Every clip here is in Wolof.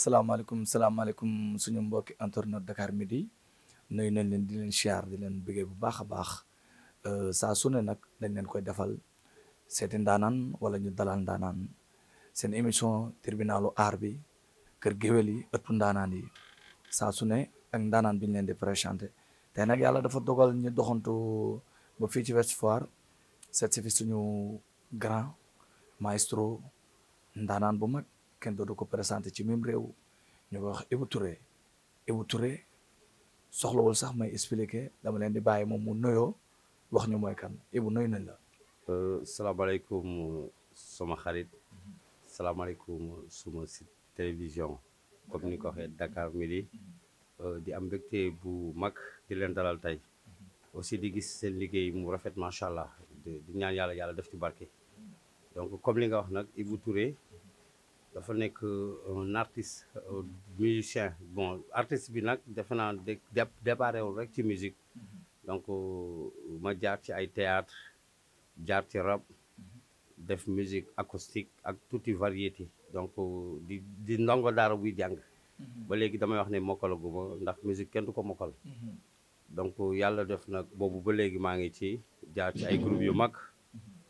salaamaaleykum salaamaaleykum suñu mbokki internet Dakar Midi nuyu nañ leen di leen siyaar di leen bëggee bu baax a baax euh, saa su ne nag dañ leen koy defal seeti ndaanaan wala ñu dalal ndaanaan seen émission tribunalu aar bi kër géwél yi ëttu ndaanaan yi saa su ne ak ndaanaan bi ñu leen di présenté tey nag yàlla dafa dogal ñu doxantu ba fii ci West Foire seet si fi suñu grand maestro ndaanaan bu mag kenn dootu ko présenté ci même réew ñu ko wax Ibou Touré Ibou Touré soxlawul sax may expliqué dama leen di bàyyi moom mu noyoo wax ñu mooy kan Ibou noy nañ la. Euh, salaamaaleykum sama xarit salaamaaleykum suma site télévision comme ni ko waxee Dakar Midi euh, di am mbégte bu mag di leen dalal tey aussi di gis seen liggéey mu rafet macha allah di ñaan yàlla yàlla def ci barke donc comme li nga wax nag Ibou Touré. dafa nekk euh, un artiste euh, musicien bon artiste bi nag defe naa de débarré wul rek ci musique donc euh, ma jaar ci ay théâtre jaar ci rap def musique acoustique ak tuuti variété donc di di ndongo daara buy jàng ba léegi damay wax ne mokkalaguma ndax musique kenn du ko mokkal donc yàlla def nag boobu ba léegi maa ngi ci jaar ci ay groupe yu mag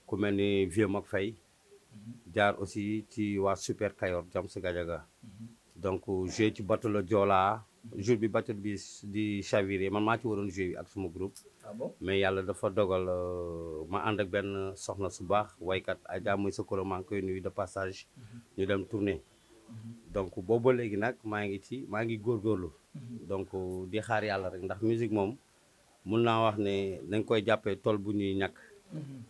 ku mel ni Vieux mag Faye jaar aussi ci waa Super Kayor Jams Gadiaga mhm. donc joué ci bateau la mhm. jour bi bateau bi di chavirer man maa ci waroon joué bi ak suma group ah mais yàlla dafa dogal euh, ma ànd ak benn soxna su baax waykat ak mooy mhm. sa koro maa ngi koy nuyu de passage ñu dem tourner donc boobu léegi nag maa ngi ci maa ngi góor góorlu donc di xaar yàlla rek ndax musique moom mun naa wax ne dañ koy jàppee tool bu ñuy ñàkk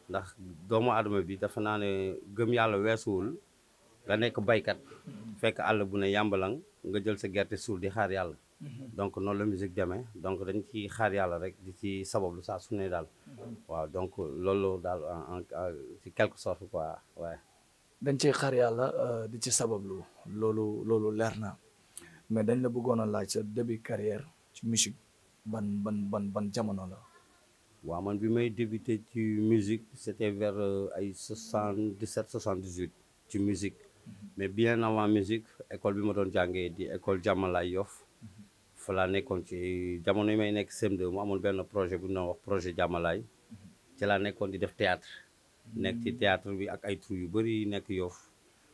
ndax doomu adama bi dafa naa ne gëm yàlla weesuwul nga nekk baykat fekk àll bu ne yàmbalang nga jël sa gerte suul di xaar yàlla donc noonu la musique demee donc dañ ci xaar yàlla rek di ci sabablu saa su ne daal donc loolu daal en ci quelque sorte quoi waaye dañ ci xaar yàlla euh, di ci sabablu loolu loolu leer na mais dañ la bëggoon a laaj sa début carrière ci musique ban ban ban ban jamono la waaw man bi may débuté ci musique c'était vers euh, ay soixante-dix-sept soixante-dix-huit ci musique mm-hmm. mais bien avant musique école bi ma doon jàngee di école jàmmalaay Yoff mm-hmm. fa laa nekkoon ci jamono yi may nekk cm mu amoon benn projet bu ñu wax projet Jamalaay mm-hmm. ci laa nekkoon di def théâtre nekk ci théâtre bi ak ay troupe yu bëri nekk Yoff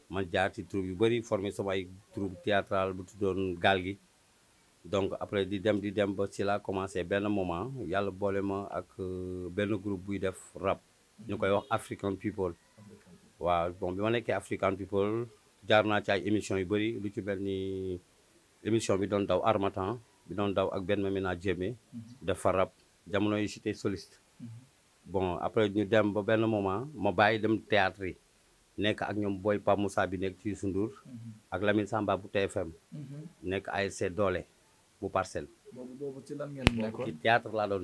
man jaar ci troupe yu bëri forme sama ay troupe théâtral bu ti doon gaal gi donc après di dem di dem ba si la commencé benn moment yàlla boole ma ak euh, benn groupe buy def rap ñu koy wax African People waaw bon bi ma nekkee African People jaar naa ci ay émissions yu bëri lu ci benn ni émission bi doon daw Armatan bi doon daw ak benn Mamina Diémé def fa rap jamono yi j'étais soliste bon après ñu dem ba benn moment ma bàyyi dem théâtre yi nekk ak ñoom Boy Pa Moussa bi nekk ci Youssou ak Lamine Samba bu TFM nekk ASC Doole bu parcelle. boobu boobu ci lan ngeen nekkoon ci théâtre laa doon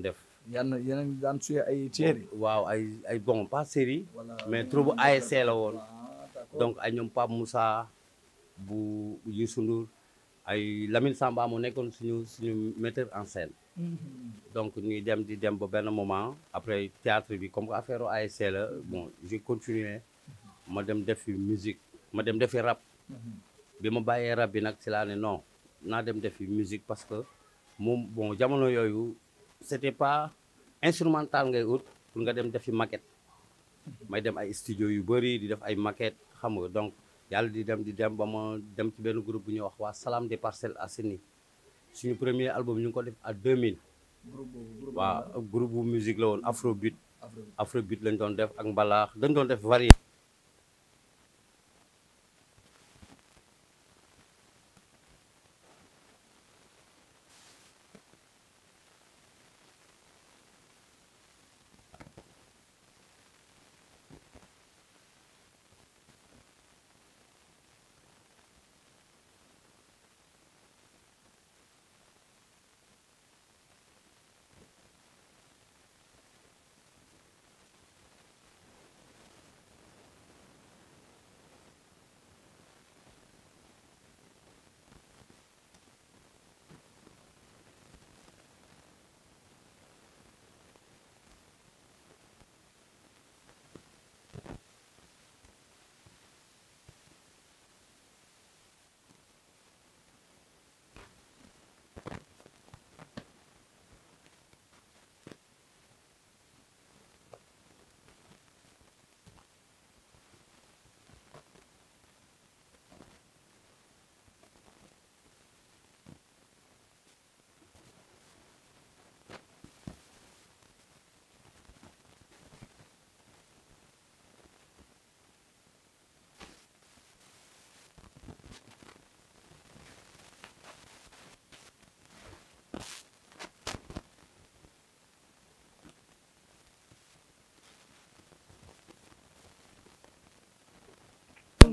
a ngi ay série. waaw ay ay bon pas série. mais troupe ASC la woon. Ah, donc ay ñoom Pape Moussa bu Youssou Ndour ay Lamine Samba mu nekkoon suñu suñu metteur en scène. Mhm. donc ñuy dem di dem ba benn moment après théâtre bi comme affaire o ASC la bon j'ai ma dem defi musique ma dem defi rap. Mhm. bi ma bàyyee rap bi nag ci laa naa dem defi musique parce que moom bon jamono yooyu c'était pas instrumental ngay ut pour nga dem defi maquette may dem ay studio yu bëri di def ay maquette xam nga donc yàlla di dem di dem ba ma dem ci benn groupe bu ñu wax waa Salam des Parcelles Assainies suñu premier album ñu ngi ko def à 2000. mille waa waaw groupe bu musique la woon afrobeat. la lañ doon def ak mbalaax dañ doon def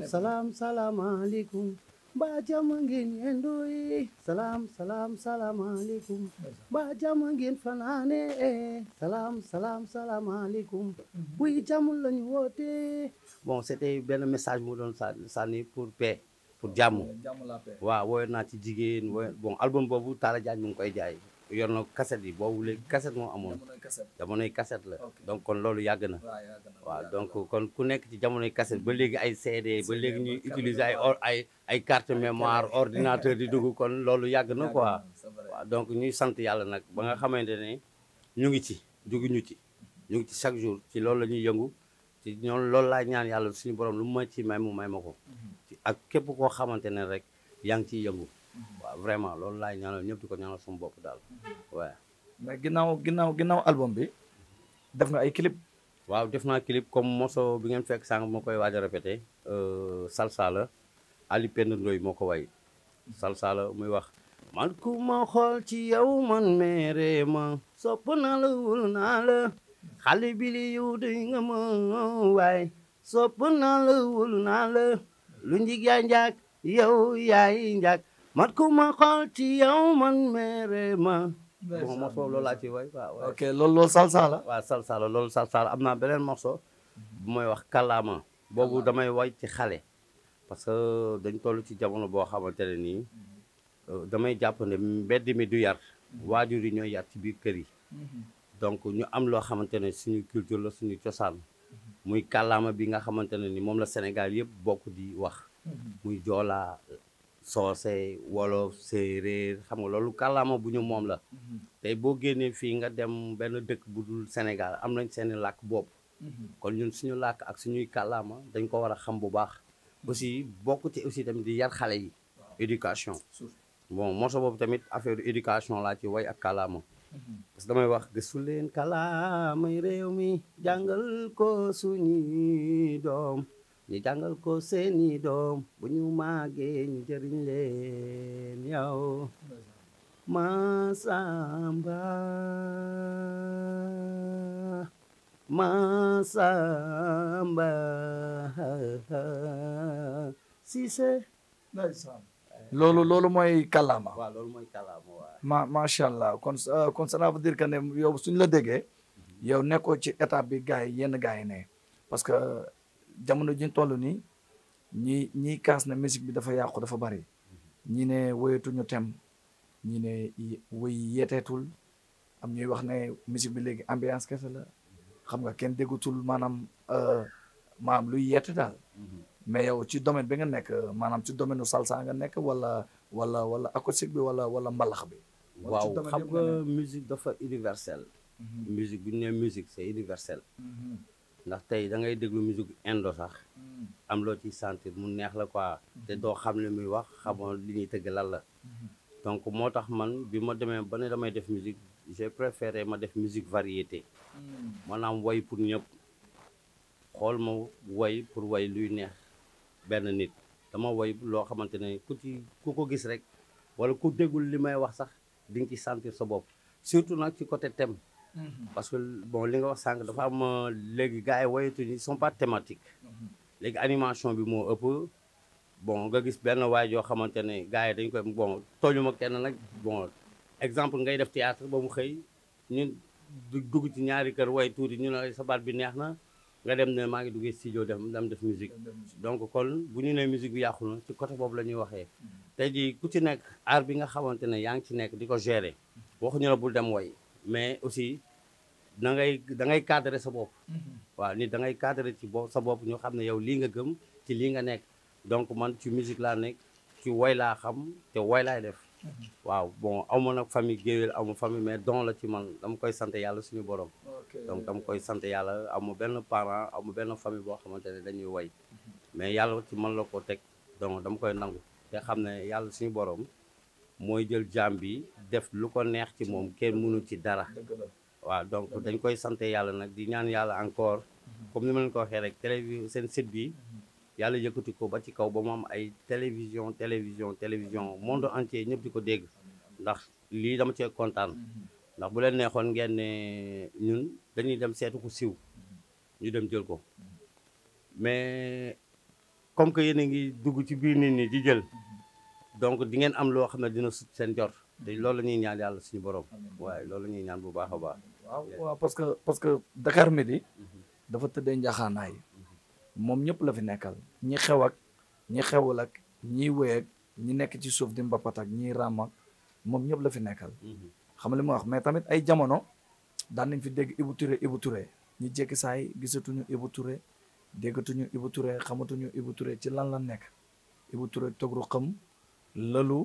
salaam salaam mbaa jàmm ngeen yendu yi salaam salaam salaamaaleykum mbaa jàmm ngeen fanaane salaam salaam salaam salaamaaleykum buy jàmm lañu woote bon c'était benn message mu doon sànni pour paix pour jàmm waaw wooyoon naa ci jigéen wooyoon bon album boobu Talla Diagne mu ngi koy jaay yor na kaset yi boobu léegi kaset moo amoon jamonoy kaset la donc kon loolu yàgg na waaw donc kon ku nekk ci jamonoy kaset ba léegi ay CD ba léegi ñuy utiliser ay or ay ay carte mémoire ordinateur di dugg kon loolu yàgg na quoi donc ñuy sant yàlla nag ba nga xamante ne ñu ngi ci jugu ñu ci ñu ngi ci chaque jour ci loolu la ñuy yëngu ci ñoom loolu laa ñaan yàlla suñu borom lu ma ci may mu may ma ko mhm. ci ak képp koo xamante ne rek yaa ngi ciy yëngu waaw vraiment loolu laay ñaanal ñëpp di ko ñaanal suñu daal waaw. Mm-hmm. ginnaaw ginnaaw ginnaaw album bi def nga ay clip. waaw def naa clip comme moso bi ngeen fekk sànq moo koy waaj a répété. Euh, salsa Ali Penda Ndoye moo ko way Salsa la muy wax. man ku ma ci yow man mere ma sopp naa la wul xale bi li doy nga ma waay sopp naa la wul lu njig yaay njaag yow yaay njaag mat ku ma xool ci yow man mere ma. loolu laa ci way waaw. ok loolu loolu salsa la. waaw salsa la loolu salsa am naa beneen morceau. bu may wax kàllaama. boobu damay way ci xale. parce que dañ toll ci jamono boo xamante ne nii. Euh, damay jàpp ne mbedd mi du yar. Mhm. waajur yi ñooy yar ci biir kër yi. Mhm. donc ñu am loo xamante ne suñu culture la suñu cosaan. Mhm. muy kàllaama bi nga xamante ne ni moom la Sénégal yëpp bokk di wax. muy joolaa soose wolof séeréer xam nga loolu kàllaama bu ñu moom la mhm. te boo génnee fii nga dem benn dëkk bu dul Sénégal am nañ seeni làkk bopp mhm. kon ñun suñu làkk ak suñuy kàllaama dañ ko war a xam bu baax mhm. aussi bokk ci aussi tamit di yar xale yi éducation bon morceau boobu tamit affaire éducation laa ci way ak kàllaama parce damay wax gëstu leen kàllaamay réew mi jàngal ko suñuy doom ñu jàngal ko seeni doom bu ñu màggee ñu jëriñ leen yow Masamba Masamba Cissé loolu loolu mooy kàllaama waaw loolu mooy kàllaama ma macha allah kon euh, kon ça veut dire que ne yow suñu la déggee mhm. yow nekkoo ci étape bi gars yi yenn gars ne parce jamono ji ñu toll nii ñi ñiy kaas na musique bi dafa yàqu dafa bari ñi ne woyatuñu tem ñi ne woy yeeteetul am ñuy wax ne musique bi léegi ambiance kese la xam nga kenn déggutul maanaam euh, maanaam lu yeete daal mais yow ci domaine bi nga nekk maanaam ci domaine u salsa nga nekk wala wala wala acoustique bi wala wala mbalax bi waaw xam nga dafa universelle mhm. musique bu ñu nee musique c'est ndax tey da ngay déglu musique indo sax mm. am loo ciy santir mu neex la quoi te mm-hmm. doo xam ne muy wax xamoo li ñuy tëgg lan la mm-hmm. donc moo tax man bi ma demee ba ne damay def musique j'ai préféré ma def musique variété mm. maanaam woy pour ñëpp xool ma woy pour woy luy neex benn nit dama woy loo xamante ne ku ci ku ko gis rek wala ku déggul li may wax sax di nga ci santir sa bopp surtout nag ci côté thème Mm-hmm. parce que bon li nga wax sànq dafa am léegi gars yi woyatuñu ils sont pas thématiques mm-hmm. léegi animation bi moo ëpp bon nga gis benn waay joo xamante ne gars yi dañ koy bon tooñuma kenn nag bon exemple ngay def théâtre ba mu xëy ñun dugg ci ñaari kër way tuuti ñu ne sa baat bi neex na nga dem ne maa ngi duggee studio dem dem def musique donc kon bu ñu ne musique bi yàqu na ci côté boobu la ñuy waxee mm-hmm. te ji ku ci nekk art bi nga xamante ne yaa ngi ci nekk di ko gérer waxuñu la bul dem way mais aussi da ngay da ngay sa bopp. Mm-hmm. waaw nit da ngay cadrer ci bo sa bopp ñu xam ne yow lii nga gëm ci lii nga nekk donc man ci musique laa nekk ci woy laa xam te woy laay def. Mm-hmm. waaw bon aw ma nag famille géwél aw famille mais don la ci man dama koy sant yàlla suñu borom. donc dama koy sant yàlla amu benn parent amu benn famille boo xamante ne dañuy woy mm-hmm. mais yàlla ci man la ko teg donc dama koy nangu te xam ne yàlla suñu borom. mooy jël jaam bi def lu ko neex ci moom kenn mënu ci dara waaw donc dañ koy sant yàlla nag di ñaan yàlla encore comme ni ma leen ko waxee rek télévi seen site bi yàlla yëkkati ko ba ci kaw ba mu am ay télévision télévision télévision monde entier ñëpp di ko dégg ndax lii dama cee kontaan ndax bu leen neexoon ngeen ne ñun dañuy dem seetu ko siw ñu dem jël ko mais comme que yéen ngi dugg ci biir nit ñi di jël donc di ngeen am loo xam ne dina si seen jor te mm-hmm. loolu la ñuy ñaan yàlla suñu borom waaye loolu la ñuy ñaan bu baax a baax. waaw waaw parce que parce que Dakar Midi mm-hmm. dafa tëddee njaxaanaay mm-hmm. moom ñëpp la fi nekkal ñi xew ak ñi xewul ak ñi wéy ak ñi nekk ci suuf di mbapat ak ñi ràmm moom ñëpp la fi nekkal. xam nga li ma wax mais tamit ay jamono daan nañ fi dégg Ibou Touré Ibou Touré ñu jékki saa yi gisatuñu Ibou déggatuñu Ibou xamatuñu Ibou ci lan la nekk Ibou Touré togru xam. lëlu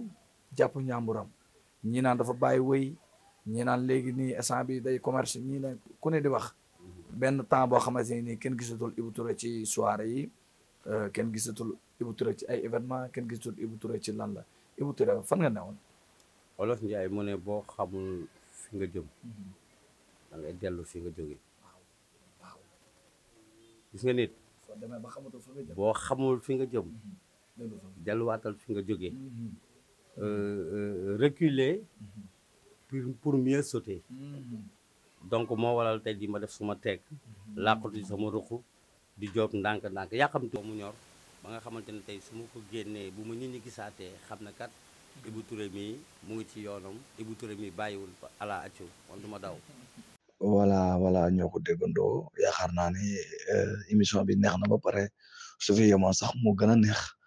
jàpp njàmburam ñi naan dafa bàyyi wëy ñi naan léegi nii instant bi day commerce ñi ne ku ne di wax benn temps boo xamante ne kenn gisatul Ibou Touré ci soirée yi euh, kenn gisatul Ibou ci ay événement kenn gisatul Ibou ci lan la Ibou Touré fan nga newoon Olof Njaay ne boo xamul fi nga jëm mhm. da ngay dellu fi nga jóge gis nga nit boo xamul fi nga jëm mhm. delluwaatal fi nga jógee mm-hmm. euh, euh, reculer pour pour mieux sauter mm-hmm. donc moo walal tey di ma def suma teeg mm-hmm. làqatu sama ruq di joob ndànk-ndànk yàqamti mu ñor ba nga xamante ne tey su ma ko génnee bu ma nit gisaatee xam na kat Ibou Touré mu ngi ci yoonam Ibou Touré bàyyiwul ala accu man du ma daw wala voilà ñoo ko déggandoo yaakaar naa ni euh, émission bi neex na ba pare su fi yemoon sax mu gën a neex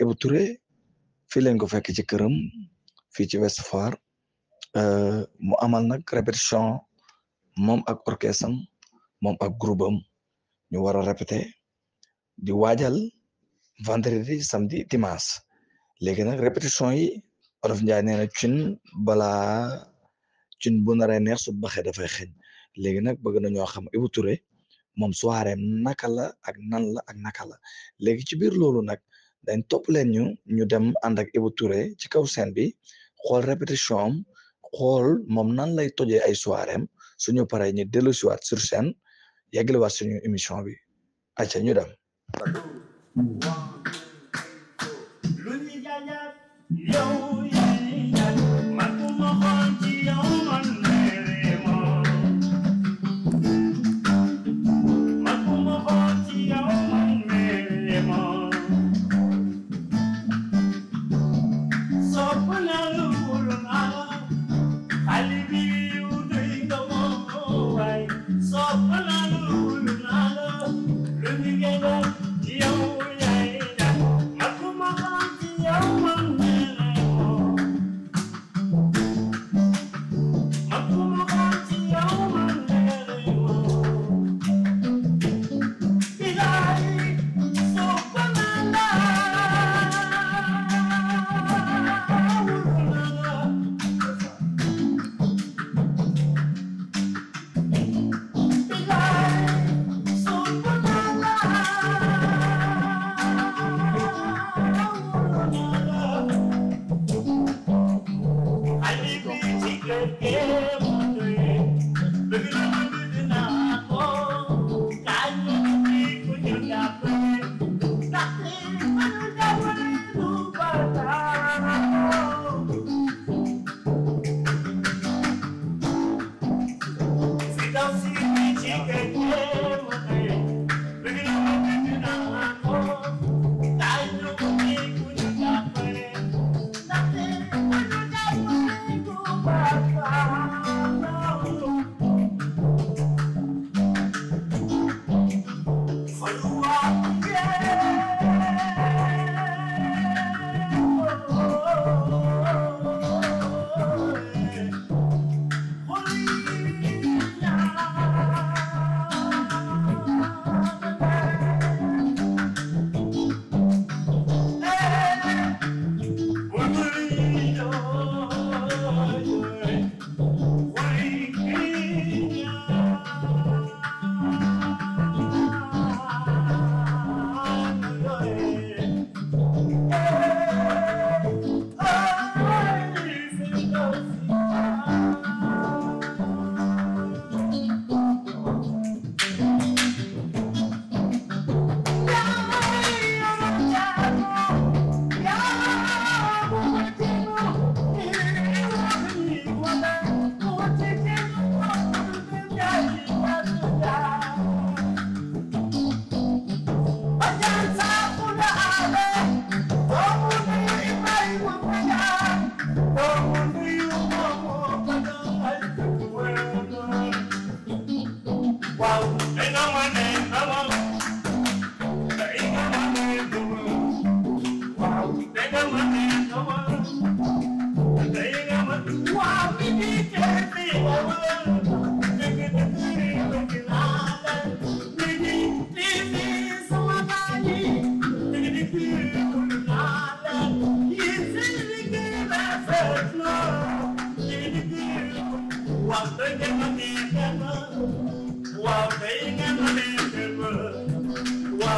Ibou eh, Touré fii lañ ko fekk ci këram fii ci Ouest Foire eh, mu amal nag répétition moom ak orchestre am moom ak groupe am ñu war a répété di waajal vendredi samedi dimanche léegi nag répétition yi Olof Njaay nee na cun balaa cun bu naree neex su baxee dafay xeeñ léegi nag bëgg na ñoo xam Ibou Touré moom soirée naka la ak nan la ak naka la léegi ci biir loolu nag dañ topp leen ñu ñu dem ànd ak Ibou Touré ci kaw scène bi xool répétition am xool moom nan lay tojee ay soiréem suñu paree ñu dellu si waat sur scène yeggali waat suñu émission bi acca ñu dem yow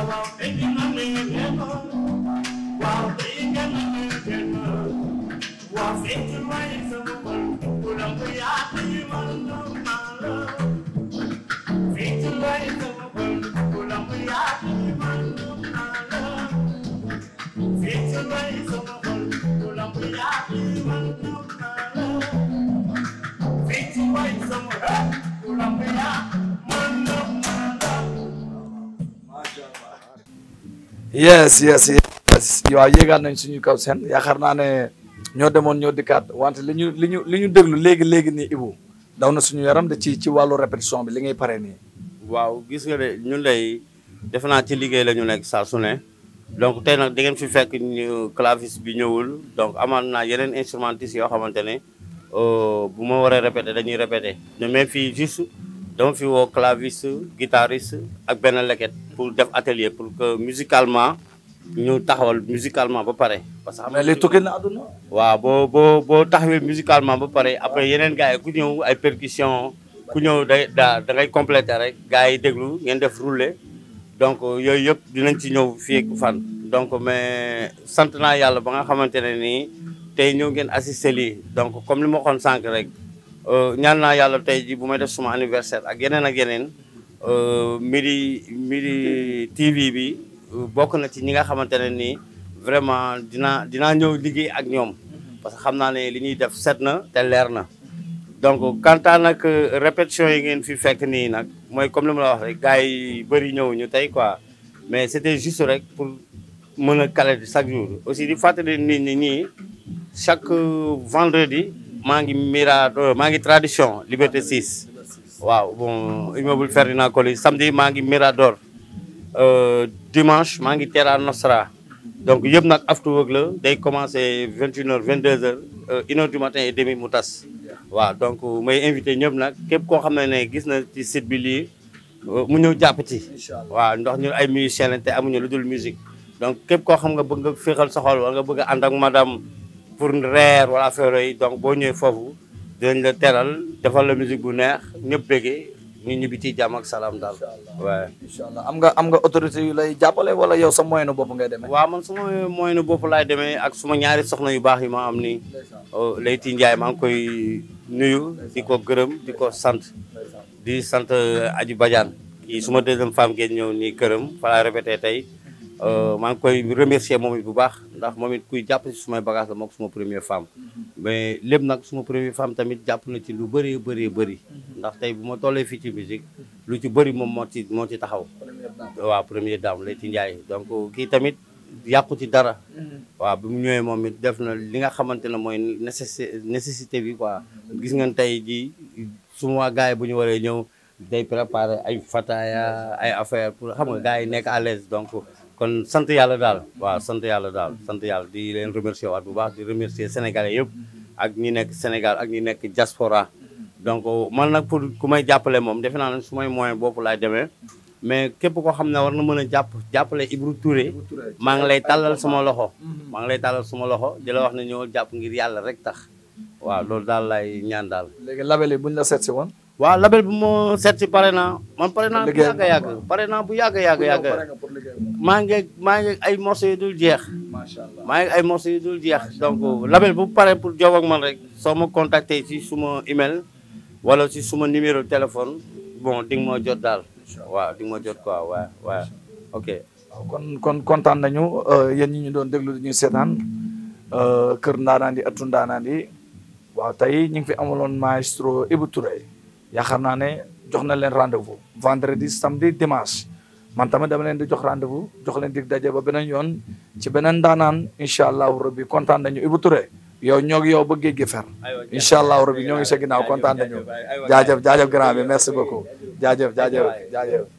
waaw. yes yes yes waaw yéegaat nañ suñu kaw seen yaakaar naa ne ñoo demoon ñoo dikkaat wante li ñu li ñu li ñu déglu léegi léegi ni Ibou daw na suñu yaram de ci ci wàllu répétition bi li ngay paree nii. waaw gis nga de ñun lay defe naa ci liggéey la ñu nekk saa su ne donc tey nag da ngeen fi fekk ñu clavis bi ñëwul donc amaan naa yeneen instrumentistes yoo xamante ne euh, bu ma waree répété dañuy répété mais fii juste. dama fi woo claviste guitariste ak benn leket pour def atelier pour que musicalement ñu taxawal musicalement ba pare. parce que xam nga léegi tukkee waaw boo boo boo taxawee musicalement ba pare après yeneen gars ku ñëw ay percussion ku ñëw day da da ngay rek gars yi déglu ngeen def roulé donc yooyu yëpp dinañ ci ñëw fii ak fan. donc mais sant naa yàlla ba nga xamante ne nii tey ñëw ngeen assister lii donc comme li ma waxoon sànq rek. Euh, ñaan naa yàlla tey ji bu may def suma anniversaire ak yeneen ak yeneen euh, Midi Midi TV bi euh, bokk na ci ñi nga xamante ne nii vraiment dina dinaa ñëw liggéey ak ñoom parce que xam naa ne li ñuy def set na te leer na donc quant à nag répétition yi ngeen fi fekk nii nag mooy comme li ma wax rek gars yi bëri ñëw ñu tey quoi mais c'était juste rek pour mën a caler chaque jour aussi di fàttali nit ñi nii chaque vendredi maa ngi Mirado euh, maa ngi tradition Liberté 6 waaw bon immeuble Ferdinand Coly samedi maa ngi Mirador euh, dimanche maa ngi Terra Nostra donc yëpp nag after work la day commencé vingt une heures vingt deux heures euh, une heure du matin et demi mu tas waaw donc may invité ñëpp nag képp koo xam ne ne gis na ci site bi lii mu ñëw jàpp ci waaw ndox ñun ay musiciens lañ te amuñu lu dul musique donc képp koo xam nga bëgg nga féexal sa xol nga bëgg a ànd ak pour reer wala affaire donc boo ñëwee foofu dinañ la teral defal la musique bu neex ñëpp bëggee ñu ñibbi ci jàmm ak salaam daal. waaye incha allah am nga am nga autorité yu lay jàppale wala yow sa moyenu bopp ngay demee. waa man sama moyenu bopp laay demee ak suma ñaari soxna yu baax yi ma am ni oh, Leyti Ndiaye maa ngi koy nuyu si ko gërëm di ko sant di sant euh, Aji Badiane kii suma deuxième femme ngeen ñëw nii këram fa laa tey. Euh, maa ngi koy remercier moom bu baax ndax moom it kuy jàpp si sumay bagage la moom suma première femme mm-hmm. mais lépp nag suma première femme tamit jàpp na ci lu bëri bëree bëri mm-hmm. ndax tey bu ma tollee fii ci musique lu ci bëri moom moo ci moo ci taxaw waaw premier dame lay ci njaay donc kii tamit yàqu ci dara mm-hmm. waaw bu mu ñëwee moom it def na li nga xamante ne mooy nécessité nécessité bi quoi gis ngeen tey jii suma gars yi bu ñu waree ñëw day préparer ay fata ay affaire pour xam nga gars yi nekk à l'aise donc kon sant yàlla daal waaw sant yàlla daal sant yàlla di leen remercier waat bu baax di remercier sénégalais yëpp ak ñi nekk Sénégal ak ñi nekk diaspora donc man nag pour ku may jàppale moom defe naa ne su may moyen bopp laay demee mais képp koo xam ne war na mën a jàpp jàppale Ibou Touré maa ngi lay tàllal sama loxo maa ngi lay tàllal suma loxo di la wax na ñëw jàpp ngir yàlla rek tax waaw loolu daal laay ñaan daal léegi label la seet woon waaw label bi moo seet si pare naa man pare naa bu yàgg a pare naa bu yàgg a yàgg yàgg maa ngi maa ngi ay morceaux yu dul jeex maa ngi ay morceaux yu dul jeex donc label bu pare pour jow ak man rek soo ma contacté si suma email wala si suma numéro téléphone bon di nga ma jot daal waaw di ma jot quoi waaw waaw ok kon kontaan nañu euh, yéen ñi ñu doon déglu ñu seetaan euh, kër ndaanaan yi ëttu ndaanaan tey ñu ngi fi amaloon maestro Ibou Touré yaakaar naa ne jox na leen rendez-vous vendredi samedi dimanche man tamit dama leen di jox rendez-vous jox leen dig daje ba beneen yoon ci beneen daanaan incha allahu rabbi kontaan nañu Ibou yow ñoo yow ba géej gi fer incha allahu rabbi ñoo ngi sa ginnaaw kontaan nañu jaajëf jaajëf grand bi merci beaucoup jaajëf jaajëf